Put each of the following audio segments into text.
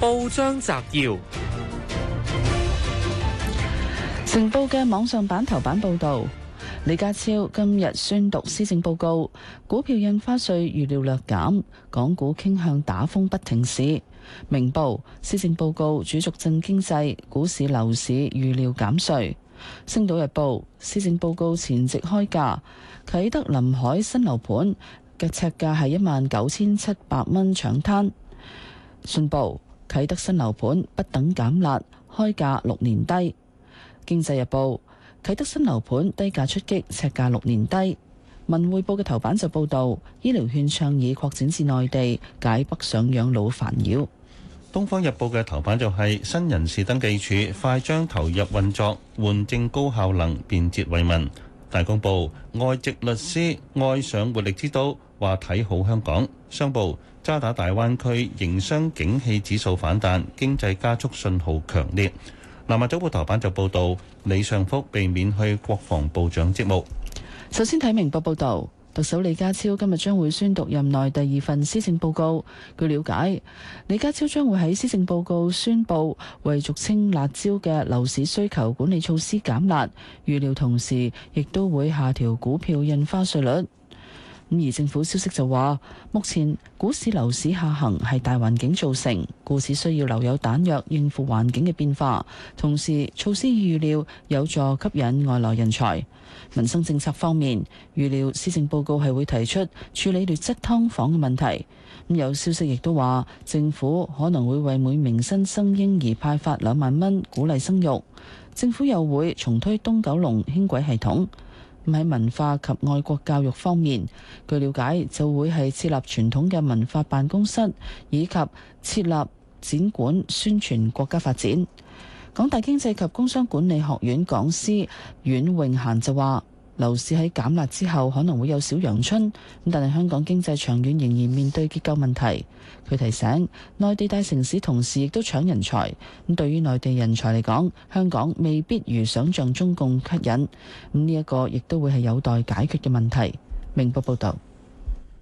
報章摘要：成報嘅網上版頭版報道，李家超今日宣讀施政報告，股票印花稅預料略減，港股傾向打風不停市。明報施政報告主軸振經濟，股市樓市預料減稅。星島日報施政報告前夕開價，啟德臨海新樓盤嘅尺價係一萬九千七百蚊，搶灘。信報。啟德新樓盤不等減辣，開價六年低。經濟日報：啟德新樓盤低價出擊，尺價六年低。文匯報嘅頭版就報道，醫療券倡議擴展至內地，解北上養老煩擾。東方日報嘅頭版就係新人事登記處快將投入運作，換證高效能，便捷為民。大公報：外籍律師愛上活力之都，話睇好香港。商報。渣打大灣區營商景氣指數反彈，經濟加速信號強烈。南華早報頭版就報道，李尚福被免去國防部長職務。首先睇明報報道，特首李家超今日將會宣讀任內第二份施政報告。據了解，李家超將會喺施政報告宣布為俗稱辣椒嘅樓市需求管理措施減辣，預料同時亦都會下調股票印花稅率。咁而政府消息就話，目前股市、樓市下行係大環境造成，故此需要留有彈藥應付環境嘅變化，同時措施預料有助吸引外來人才。民生政策方面，預料施政報告係會提出處理劣質劏房嘅問題。咁有消息亦都話，政府可能會為每名新生嬰兒派發兩萬蚊，鼓勵生育。政府又會重推東九龍輕軌系統。喺文化及愛國教育方面，據了解就會係設立傳統嘅文化辦公室，以及設立展館宣傳國家發展。港大經濟及工商管理學院講師阮穎嫻就話。樓市喺減辣之後可能會有小陽春，咁但係香港經濟長遠仍然面對結構問題。佢提醒，內地大城市同時亦都搶人才，咁對於內地人才嚟講，香港未必如想像中共吸引，咁呢一個亦都會係有待解決嘅問題。明報報道。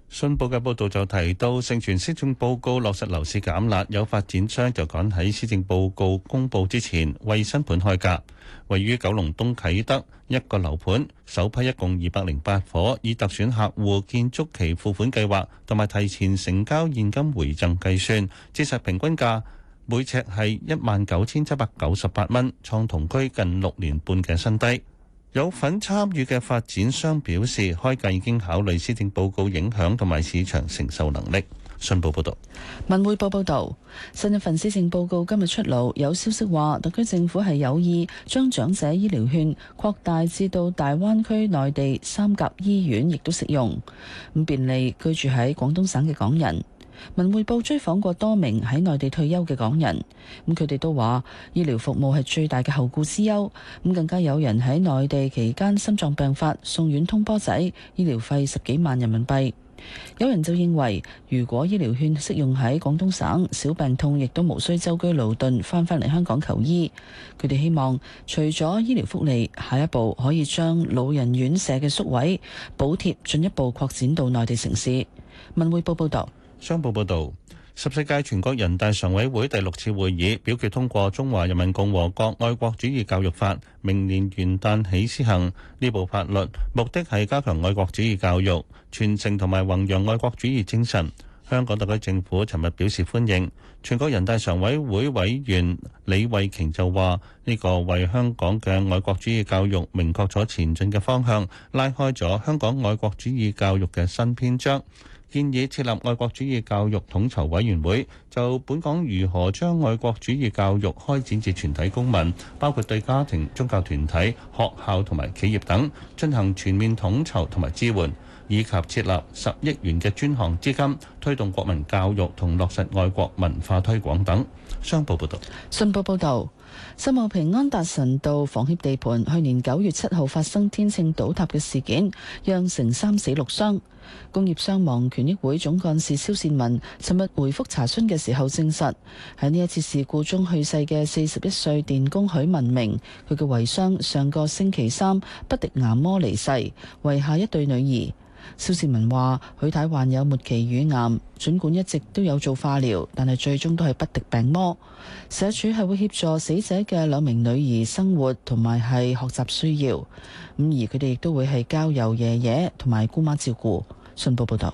信報嘅報道就提到，盛傳施政報告落實樓市減辣，有發展商就趕喺施政報告公布之前為新盤開價。位於九龍東啟德一個樓盤，首批一共二百零八伙，以特選客戶建築期付款計劃同埋提前成交現金回贈計算，折實平均價每尺係一萬九千七百九十八蚊，創同區近六年半嘅新低。有份參與嘅發展商表示，開價已經考慮施政報告影響同埋市場承受能力。信報報道：文匯報報道，新一份施政報告今日出爐，有消息話特區政府係有意將長者醫療券擴大至到大灣區內地三甲醫院，亦都適用，咁便利居住喺廣東省嘅港人。文匯報追訪過多名喺內地退休嘅港人，咁佢哋都話醫療服務係最大嘅後顧之憂。咁更加有人喺內地期間心臟病發送院通波仔，醫療費十幾萬人民幣。有人就認為，如果醫療券適用喺廣東省，小病痛亦都無需舟居勞頓翻返嚟香港求醫。佢哋希望除咗醫療福利，下一步可以將老人院舍嘅宿位補貼進一步擴展到內地城市。文匯報報道。商報報導，十四屆全國人大常委會第六次會議表決通過《中華人民共和國愛國主義教育法》，明年元旦起施行。呢部法律目的係加強愛國主義教育，傳承同埋弘揚愛國主義精神。香港特區政府尋日表示歡迎。全國人大常委會委員李慧瓊就話：呢個為香港嘅愛國主義教育明確咗前進嘅方向，拉開咗香港愛國主義教育嘅新篇章。建議設立愛國主義教育統籌委員會，就本港如何將愛國主義教育開展至全體公民，包括對家庭、宗教團體、學校同埋企業等進行全面統籌同埋支援，以及設立十億元嘅專項資金，推動國民教育同落實愛國文化推廣等。商報報導，信報報導。新澳平安達臣道房協地盤去年九月七號發生天秤倒塌嘅事件，釀成三死六傷。工業傷亡權益會總幹事蕭善文尋日回覆查詢嘅時候證實，喺呢一次事故中去世嘅四十一歲電工許文明，佢嘅遺孀上個星期三不敵癌魔離世，遺下一對女兒。肖志文話：許太患有末期乳癌，儘管一直都有做化療，但係最終都係不敵病魔。社署係會協助死者嘅兩名女兒生活同埋係學習需要，咁而佢哋亦都會係交由爺爺同埋姑媽照顧。信報報道。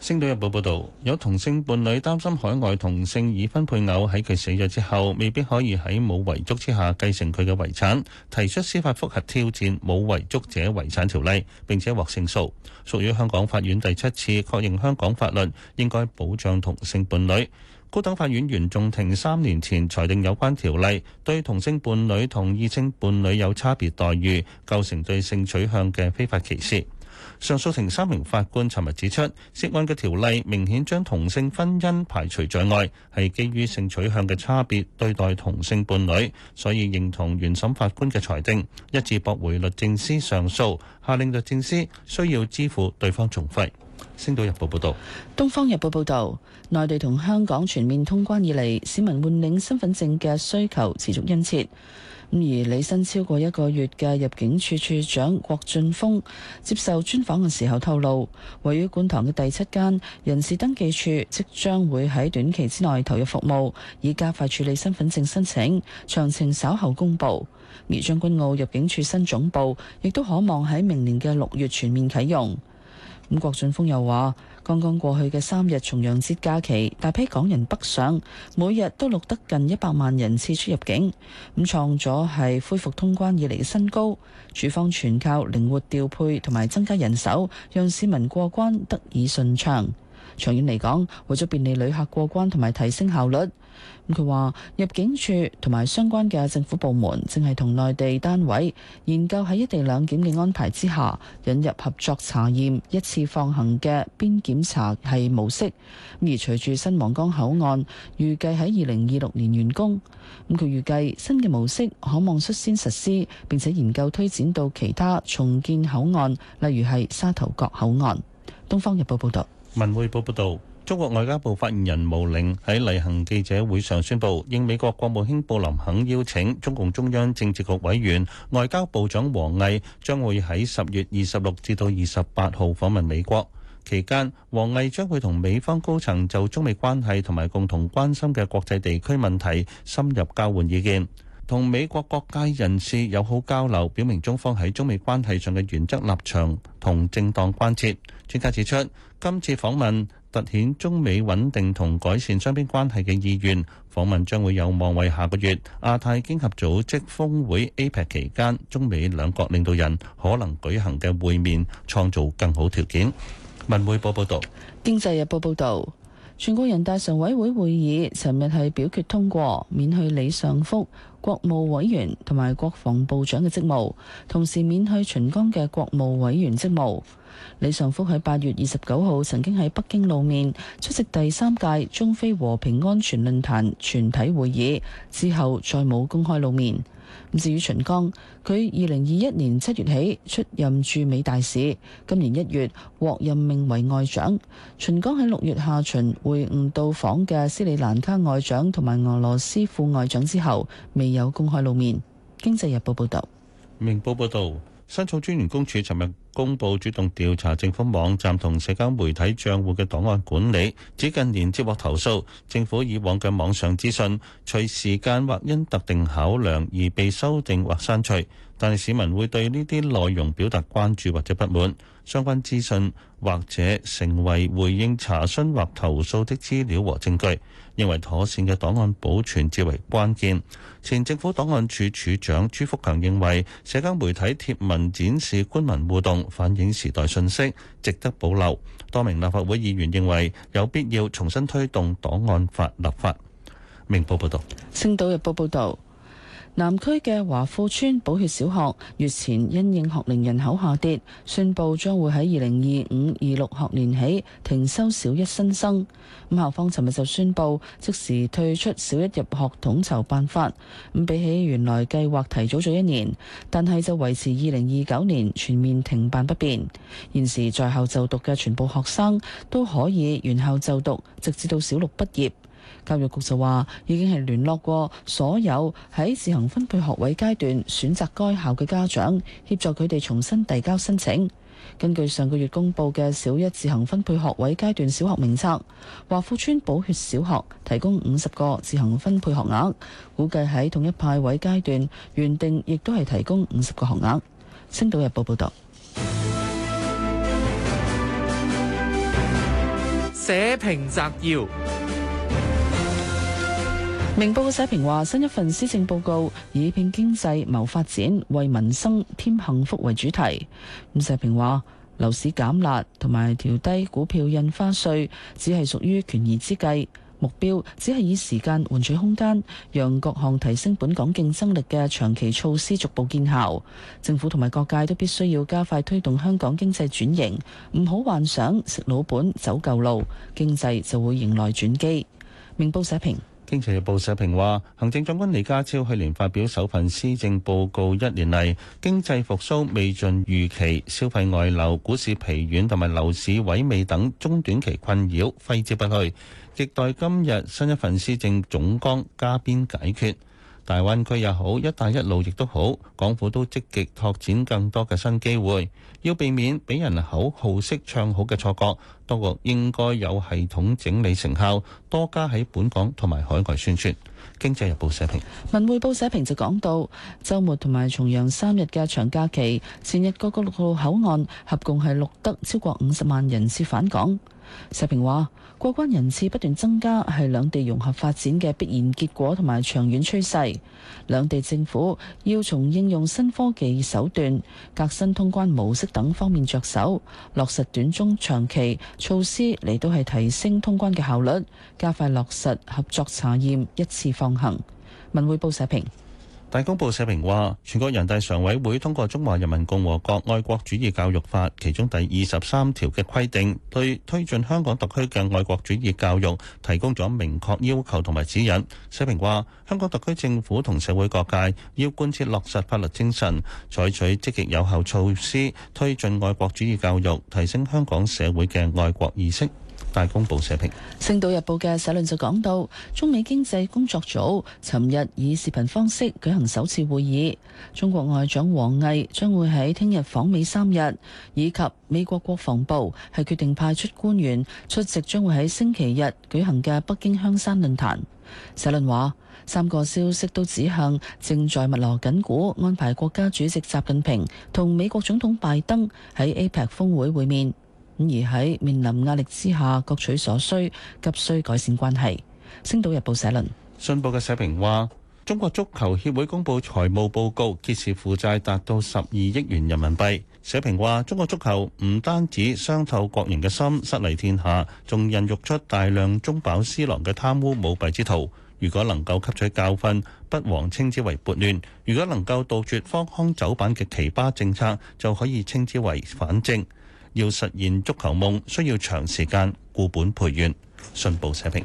《星島日報》報道，有同性伴侶擔心海外同性已婚配偶喺佢死咗之後，未必可以喺冇遺囑之下繼承佢嘅遺產，提出司法複核挑戰冇遺囑者遺產條例，並且獲勝訴，屬於香港法院第七次確認香港法律應該保障同性伴侶。高等法院原訟庭三年前裁定有關條例對同性伴侶同異性伴侶有差別待遇，構成對性取向嘅非法歧視。上訴庭三名法官尋日指出，涉案嘅條例明顯將同性婚姻排除在外，係基於性取向嘅差別對待同性伴侶，所以認同原審法官嘅裁定，一致駁回律政司上訴，下令律政司需要支付對方訟費。星島日報報道。東方日報報道，內地同香港全面通關以嚟，市民換領身份證嘅需求持續殷切。而履新超過一個月嘅入境處處長郭俊峰接受專訪嘅時候透露，位於觀塘嘅第七間人事登記處即將會喺短期之內投入服務，以加快處理身份證申請，詳情稍後公布，而將軍澳入境處新總部亦都可望喺明年嘅六月全面啟用。咁郭俊峰又話。剛剛過去嘅三日重陽節假期，大批港人北上，每日都錄得近一百萬人次出入境，咁創咗係恢復通關以嚟嘅新高。處方全靠靈活調配同埋增加人手，讓市民過關得以順暢。長遠嚟講，為咗便利旅客過關同埋提升效率。咁佢話入境處同埋相關嘅政府部門正係同內地單位研究喺一地兩檢嘅安排之下引入合作查驗一次放行嘅邊檢查系模式。而隨住新皇崗口岸預計喺二零二六年完工，咁佢預計新嘅模式可望率先實施，並且研究推展到其他重建口岸，例如係沙頭角口岸。東方日報報道，文匯報報道。中國外交部發言人毛寧喺例行記者會上宣布，應美國國務卿布林肯邀請中共中央政治局委員、外交部長王毅將會喺10月26至28號訪問美國。期間，王毅將會同美方高層就中美關係同埋共同關心嘅國際地區問題深入交換意見，同美國各界人士友好交流，表明中方喺中美關係上嘅原則立場和正當關切。專家指出，今次訪問凸顯中美穩定同改善雙邊關係嘅意願，訪問將會有望為下個月亞太經合組織峰會 APEC 期間中美兩國領導人可能舉行嘅會面創造更好條件。文匯報報道：經濟日報報道，全國人大常委會會議尋日係表決通過免去李尚福，國務委員同埋國防部長嘅職務，同時免去秦剛嘅國務委員職務。李尚福喺八月二十九號曾經喺北京露面，出席第三屆中非和平安全論壇全體會議，之後再冇公開露面。至於秦剛，佢二零二一年七月起出任駐美大使，今年一月獲任命為外長。秦剛喺六月下旬會晤到訪嘅斯里蘭卡外長同埋俄羅斯副外長之後，未有公開露面。經濟日報報導。明報報導，申訴專員公署尋日公布主動調查政府網站同社交媒體帳戶嘅檔案管理，指近年接獲投訴，政府以往嘅網上資訊隨時間或因特定考量而被修訂或刪除，但市民會對呢啲內容表達關注或者不滿，相關資訊或者成為回應查詢或投訴的資料和證據。認為妥善嘅檔案保存至為關鍵。前政府檔案處處長朱福強認為，社交媒體貼文展示官民互動，反映時代信息，值得保留。多名立法會議員認為有必要重新推動檔案法立法。明報報道。星島日報報道。南區嘅華富村寶血小學月前因應學齡人口下跌，宣布將會喺二零二五、二六學年起停收小一新生。咁校方尋日就宣布即時退出小一入學統籌辦法。咁比起原來計劃提早咗一年，但係就維持二零二九年全面停辦不變。現時在校就讀嘅全部學生都可以原校就讀，直至到小六畢業。教育局就話，已經係聯絡過所有喺自行分配學位階段選擇該校嘅家長，協助佢哋重新遞交申請。根據上個月公布嘅小一自行分配學位階段小學名冊，華富邨寶血小學提供五十個自行分配學額，估計喺統一派位階段，原定亦都係提供五十個學額。星島日報報道。社評摘要。明報嘅社評話：新一份施政報告以「拼經濟謀發展、為民生添幸福」為主題，咁社評話樓市減辣同埋調低股票印花稅只係屬於權宜之計，目標只係以時間換取空間，讓各項提升本港競爭力嘅長期措施逐步見效。政府同埋各界都必須要加快推動香港經濟轉型，唔好幻想食老本走舊路，經濟就會迎來轉機，明報社評。《經濟日報》社評話，行政長官李家超去年發表首份施政報告一年嚟，經濟復甦未盡預期，消費外流、股市疲軟同埋樓市萎靡等中短期困擾揮之不去，亟待今日新一份施政總綱加鞭解決。大灣區也好，一帶一路亦都好，港府都積極拓展更多嘅新機會，要避免俾人口號式唱好嘅錯覺，不過應該有系統整理成效，多加喺本港同埋海外宣傳。經濟日報社評文匯報社評就講到，週末同埋重陽三日嘅長假期，前日各個陸路口岸合共係錄得超過五十萬人次返港。社評話。過關人次不斷增加，係兩地融合發展嘅必然結果同埋長遠趨勢，兩地政府要從應用新科技手段、革新通關模式等方面着手，落實短中長期措施嚟都係提升通關嘅效率，加快落實合作查驗一次放行。文匯報社評。大公報社評話，全國人大常委會通過《中華人民共和國愛國主義教育法》，其中第二十三條嘅規定，對推進香港特區嘅愛國主義教育提供咗明確要求同埋指引。社評話，香港特區政府同社會各界要貫徹落實法律精神，採取積極有效措施，推進愛國主義教育，提升香港社會嘅愛國意識。大公報社評，《星島日報》嘅社論就講到，中美經濟工作組尋日以視頻方式舉行首次會議。中國外長王毅將會喺聽日訪美三日，以及美國國防部係決定派出官員出席，將會喺星期日舉行嘅北京香山論壇。社論話三個消息都指向正在密鑼緊鼓安排國家主席習近平同美國總統拜登喺 APEC 峰會會面。而喺面臨壓力之下，各取所需，急需改善關係。《星島日報》社論，信報嘅社評話：中國足球協會公布財務報告，揭示負債達到十二億元人民幣。社評話：中國足球唔單止傷透國人嘅心，失禮天下，仲孕育出大量中飽私囊嘅貪污舞弊之徒。如果能夠吸取教訓，不妨稱之為撥亂；如果能夠杜絕荒腔走板嘅奇葩政策，就可以稱之為反正。要實現足球夢，需要長時間固本培元。信報社評。